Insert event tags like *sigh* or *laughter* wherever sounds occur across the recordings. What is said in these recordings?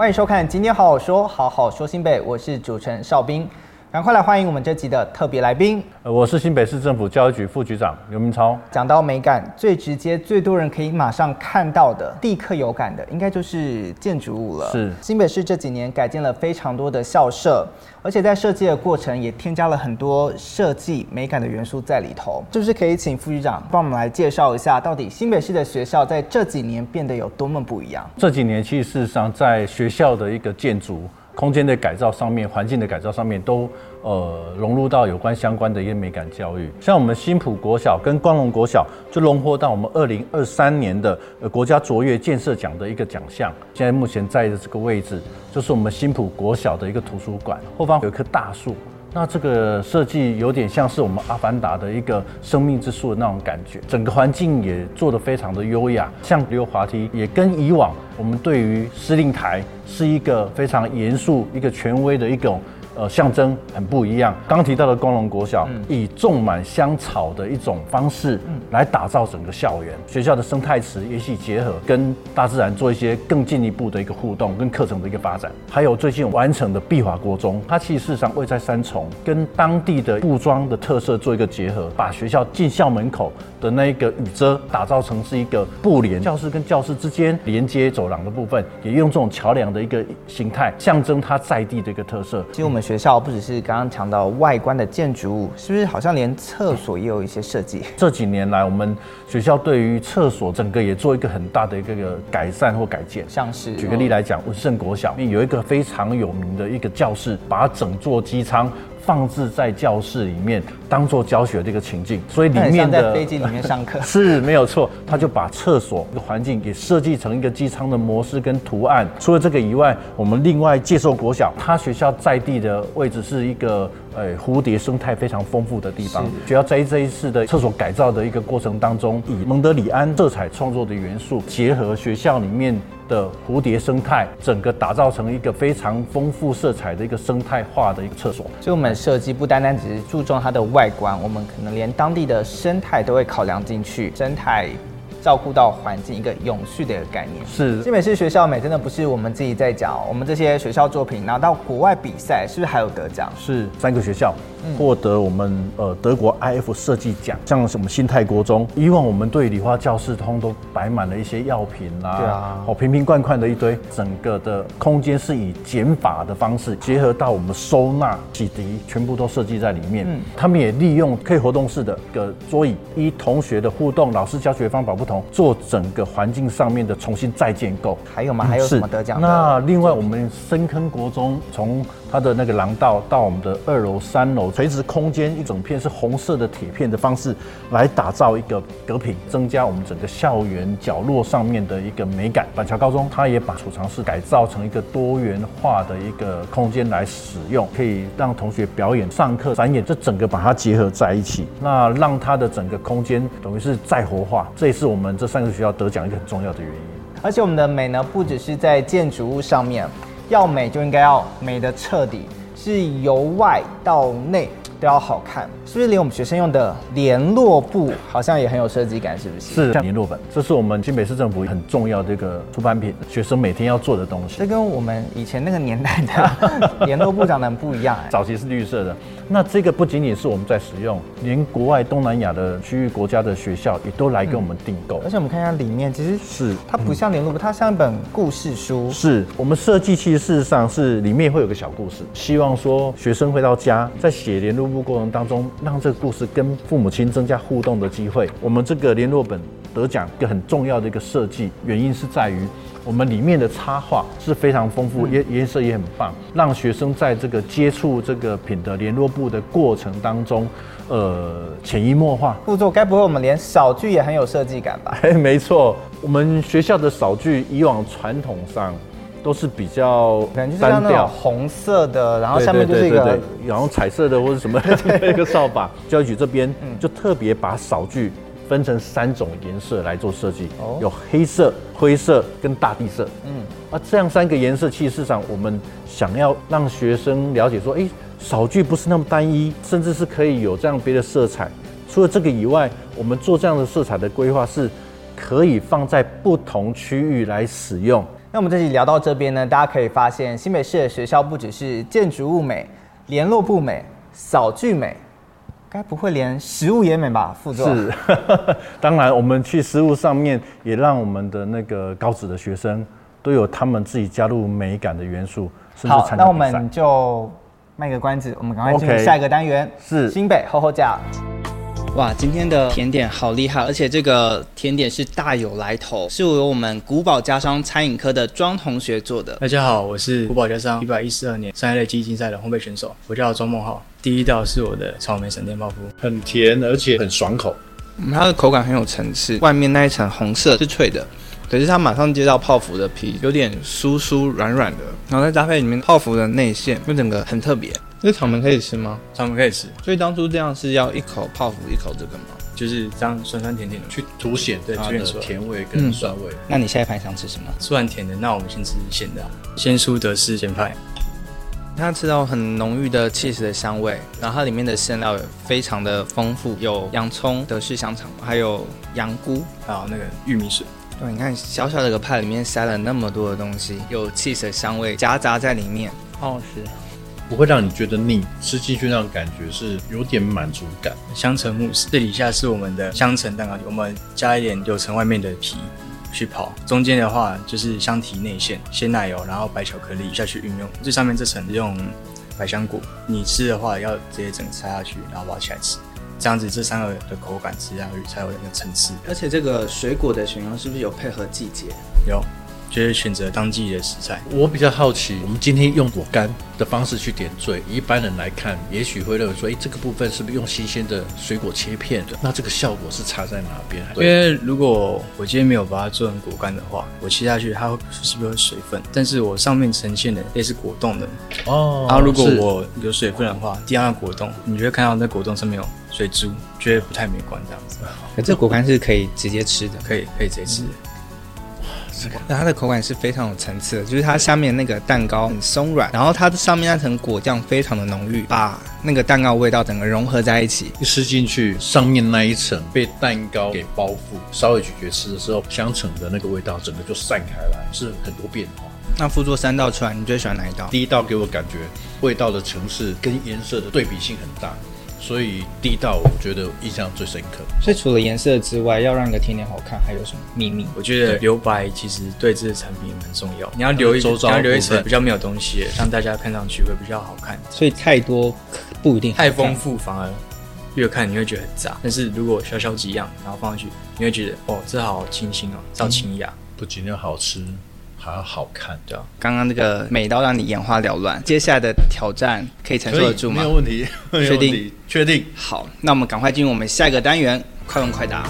歡迎收看，今天好好說，好好說新北。我是主持人邵兵。趕快來歡迎我們這集的特別來賓。呃，我是新北市政府教育局副局長劉明超。講到美感，最直接、最多人可以馬上看到的、立刻有感的，應該就是建築物了。是新北市這幾年改建了非常多的校舍，而且在設計的過程也添加了很多設計美感的元素在裡頭。就是可以請副局長幫我們來介紹一下，到底新北市的學校在這幾年變得有多麼不一樣？這幾年其實事實上，在學校的一個建築。空間的改造上面，環境的改造上面，都呃融入到有關相關的一些美感教育。像我們新埔國小跟光榮國小，就榮獲到我們二零二三年的呃國家卓越建設獎的一個獎項。現在目前在的這個位置，就是我們新埔國小的一個圖書館，後方有一棵大樹。那這個設計有點像是我們《阿凡達》的一個生命之樹的那種感覺，整個環境也做得非常的優雅，像溜滑梯也跟以往我們對於司令台是一個非常嚴肅、一個權威的一種。呃，象徵很不一樣。剛提到的光榮國小，嗯、以種滿香草的一種方式來打造整個校園學校的生態池，也許結合跟大自然做一些更進一步的一個互動跟課程的一個發展。還有最近完成的碧華國中，它其實事實上位在三重，跟當地的布莊的特色做一個結合，把學校進校門口的那一個雨遮打造成是一個布簾，嗯，教室跟教室之間連接走廊的部分，也用這種橋樑的一個形態，象徵它在地的一個特色。其實我們。學校不只是剛剛講到外觀的建築物，是不是好像連廁所也有一些設計？這幾年來，我們學校對於廁所整個也做一個很大的一個改善或改建。像是舉個例來講，嗯、文聖國小有一個非常有名的一個教室，把整座機艙放置在教室裡面。當做教學這個情境，所以裡面的在飛機裡面上課， *laughs* 是沒有錯。他就把廁所的環境給設計成一個機艙的模式跟圖案。除了這個以外，我們另外介紹國小，他學校在地的位置是一個誒、欸、蝴蝶生態非常豐富的地方的。學校在這一次的廁所改造的一個過程當中，以蒙德里安色彩創作的元素結合學校裡面的蝴蝶生態，整個打造成一個非常豐富色彩的一個生態化的一個廁所。所以，我們設計不單單只是注重它的外。外觀，我們可能連當地的生態都會考量進去，生態。照顧到環境，一個永續的概念是。新北市學校美真的不是我們自己在講，我們這些學校作品拿到國外比賽是不是還有得獎？是三個學校獲得我們、嗯、呃德國 iF 設計獎，像什麼新泰國中，以往我們對理化教室通都擺滿了一些藥品啦、啊，哦瓶瓶罐罐的一堆，整個的空間是以減法的方式結合到我們收納、洗滌全部都設計在裡面。嗯，他們也利用可以活動式的一個桌椅，依同學的互動，老師教學方法不。做整個環境上面的重新再建構，還有嗎？還有什麼得獎的？那另外我們深坑國中從。它的那個廊道到我們的二樓、三樓垂直空間一整片是紅色的鐵片的方式來打造一個隔屏，增加我們整個校園角落上面的一個美感。板橋高中它也把儲藏室改造成一個多元化的一個空間來使用，可以讓同學表演、上課、展演，這整個把它結合在一起，那讓它的整個空間等於是再活化。這也是我們這三個學校得獎一個很重要的原因。而且我們的美呢，不只是在建築物上面。要美就應該要美的徹底，是由外到內。都要好看，所以連我們學生用的聯絡簿好像也很有設計感，是不是？是聯絡本，這是我們新北市政府很重要的一個出版品，學生每天要做的東西。這跟我們以前那個年代的聯 *laughs* 絡簿長得很不一樣哎，早期是綠色的。那這個不僅僅是我們在使用，連國外東南亞的區域國家的學校也都來跟我們訂購、嗯。而且我們看一下裡面，其實是它不像聯絡本、嗯，它像一本故事書。是我們設計，其實事實上是裡面會有個小故事，希望說學生回到家再寫聯絡。部過程當中，讓這個故事跟父母親增加互動的機會。我們這個聯絡本得獎一個很重要的一個設計，原因是在於我們裡面的插畫是非常豐富，顏、嗯、顏色也很棒，讓學生在這個接觸這個品德聯絡簿的過程當中，呃，潛移默化。副座，該不會我們連掃具也很有設計感吧？嘿， *laughs* 沒錯，我們學校的掃具以往傳統上。都是比較單，單調，紅色的，然後下面就是一個，然後彩色的或者什麼一 *laughs* 對對 *laughs* 個掃把。教育局這邊就特別把掃具分成三種顏色來做設計、嗯，有黑色、灰色跟大地色。嗯，啊，這樣三個顏色其實,事實上我們想要讓學生了解說，哎、欸，掃具不是那麼單一，甚至是可以有這樣別的色彩。除了這個以外，我們做這樣的色彩的規劃是可以放在不同區域來使用。那我們這期聊到這邊呢，大家可以發現新北市的學校不只是建築物美、聯絡部美、掃具美，該不會連食物也美吧？副座。是呵呵，當然我們去食物上面也讓我們的那個高職的學生都有他們自己加入美感的元素。甚至好，那我們就賣個關子，我們趕快進入下一個單元。Okay, 是，新北厚厚呷。好好哇，今天的甜點好厲害！而且這個甜點是大有來頭，是由我們穀保家商餐飲科的莊同學做的。大家好，我是穀保家商一百一十二年商業類技藝競賽的烘焙選手，我叫莊夢浩。第一道是我的草莓閃電泡芙，很甜，而且很爽口。嗯，它的口感很有層次，外面那一層紅色是脆的。可是它馬上接到泡芙的皮，有點酥酥軟軟的，然後再搭配裡面泡芙的內餡，就整個很特別。那草莓可以吃嗎？草莓可以吃。所以當初這樣是要一口泡芙，一口這個嗎？就是這樣酸酸甜甜的去凸顯、對、它是甜味跟酸、嗯、酸味。那你下一盤想吃什麼？酸甜的，那我們先吃鹹的。鮮蔬德式鹹派，它吃到很濃郁的 cheese 的香味，然後它裡面的餡料非常的豐富，有洋蔥、德式香腸，還有洋菇，還有那個玉米筍。哦、你看，小小的個派裡面塞了那麼多的東西，有 cheese 的香味夾雜在裡面，好好吃。不會讓你覺得膩，吃進去那種感覺是有點滿足感。香橙慕斯，這底下是我們的香橙蛋糕，我們加一點柳橙外面的皮去刨。中間的話就是香緹內餡，鮮奶油，然後白巧克力下去運用。最上面這層是用百香果，你吃的話要直接整個塞下去，然後挖起來吃。這樣子，這三個的口感吃下去才有兩個層次，而且這個水果的選用是不是有配合季節？有，就是選擇當季的食材。我比較好奇，我們今天用果乾的方式去點綴，一般人來看，也許會認為說，哎、欸，這個部分是不是用新鮮的水果切片的？那這個效果是差在哪邊？因為如果我今天沒有把它做成果乾的話，我切下去它是不是有水分？但是我上面呈現的那是果凍的哦。然後如果我有水分的話，第二個果凍，你就會看到那果凍上面有。所以就覺得不太美觀這樣子，這果乾是可以直接吃的，可以可以直接吃。嗯、哇，那它的口感是非常有層次的，就是它下面那個蛋糕很鬆軟，然後它的上面那層果醬非常的濃郁，把那個蛋糕味道整個融合在一起，一吃進去，上面那一層被蛋糕給包覆，稍微咀嚼吃的時候，香橙的那個味道整個就散開了，是很多變化。那附作三道出來，你最喜歡哪一道？第一道給我感覺味道的層次跟顏色的對比性很大。所以地道，我覺得印象最深刻。所以除了顏色之外，要讓你個甜點好看，還有什麼秘密？我覺得留白其實對這些產品蠻重要。你要留一周，你要留一層比較沒有東西，讓大家看上去會比較好看。 *laughs* 所以太多不一定太豐富，反而越看你會覺得很雜。但是如果小小幾樣，然後放上去，你會覺得哦，這好清新哦，造清雅。嗯、不僅要好吃，還要好看。這樣剛剛那個美到讓你眼花繚亂，接下來的挑戰可以承受得住嗎？沒，沒有問題，確定，確定。好，那我們趕快進入我們下一個單元，快問快答。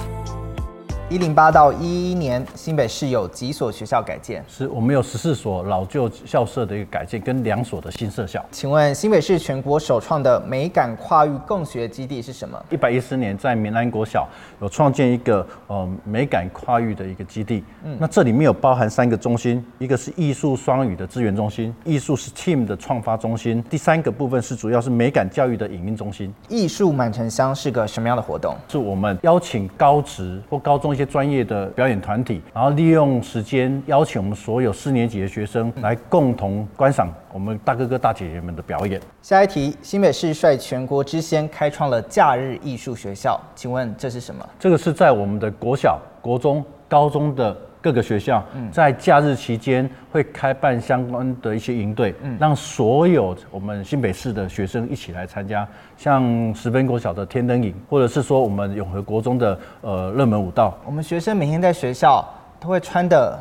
一零八到一一年，新北市有幾所學校改建？是我們有十四所老舊校舍的一個改建，跟兩所的新設校。請問新北市全國首創的美感跨域共學基地是什麼？一百一十年在民安國小有創建一個呃，美感跨域的一個基地。嗯，那這裡面有包含三個中心，一個是藝術雙語的資源中心，藝術 STEAM 的創發中心，第三個部分是主要是美感教育的營運中心。藝術滿城鄉是個什麼樣的活動？是我們邀請高職或高中。專業的表演團體，然後利用時間邀請我們所有四年級的學生來共同觀賞我們大哥哥大姐姐們的表演。下一題，新北市率全國之先開創了假日藝術學校，請問這是什麼？這個是在我們的國小、國中、高中的。各個學校在假日期間會開辦相關的一些營隊，嗯，讓所有我們新北市的學生一起來參加，像十分國小的天燈營，或者是說我們永和國中的呃熱門舞蹈。我們學生每天在學校都會穿得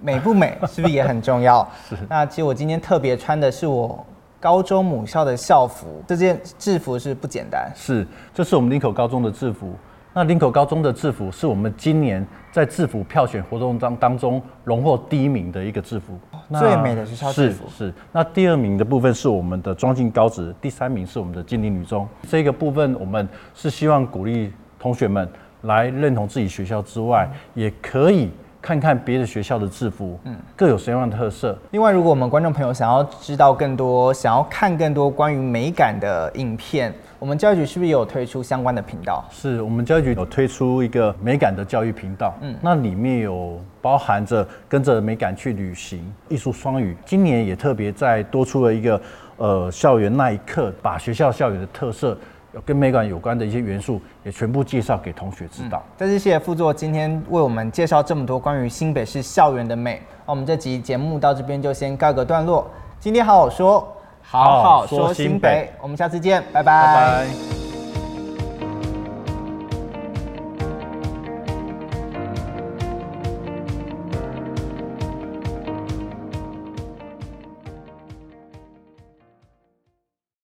美不美，是不是也很重要？ *laughs* 是。那其實我今天特別穿的是我高中母校的校服，這件制服是不簡單。是，這是我們林口高中的制服。那林口高中的制服是我們今年在制服票選活動當當中榮獲第一名的一個制服，哦、最美的學校制服是。是，那第二名的部分是我們的莊敬高職，第三名是我們的金陵女中、嗯。這個部分我們是希望鼓勵同學們來認同自己學校之外，嗯、也可以看看別的學校的制服，嗯，各有什麼樣的特色。另外，如果我們觀眾朋友想要知道更多，想要看更多關於美感的影片。我們教育局，是不是也有推出相關的頻道？是我們教育局有推出一個美感的教育頻道。嗯，那裡面有包含着跟着美感去旅行、藝術雙語。今年也特別在多出了一個呃校園那一刻，把學校校園的特色，跟美感有關的一些元素也全部介紹給同學知道。再、嗯、是謝謝副座今天為我們介紹這麼多關於新北市校園的美。那我們這集節目到這邊就先告個段落。今天好好說。好，好好說新北，北，我們下次見，拜拜。拜拜。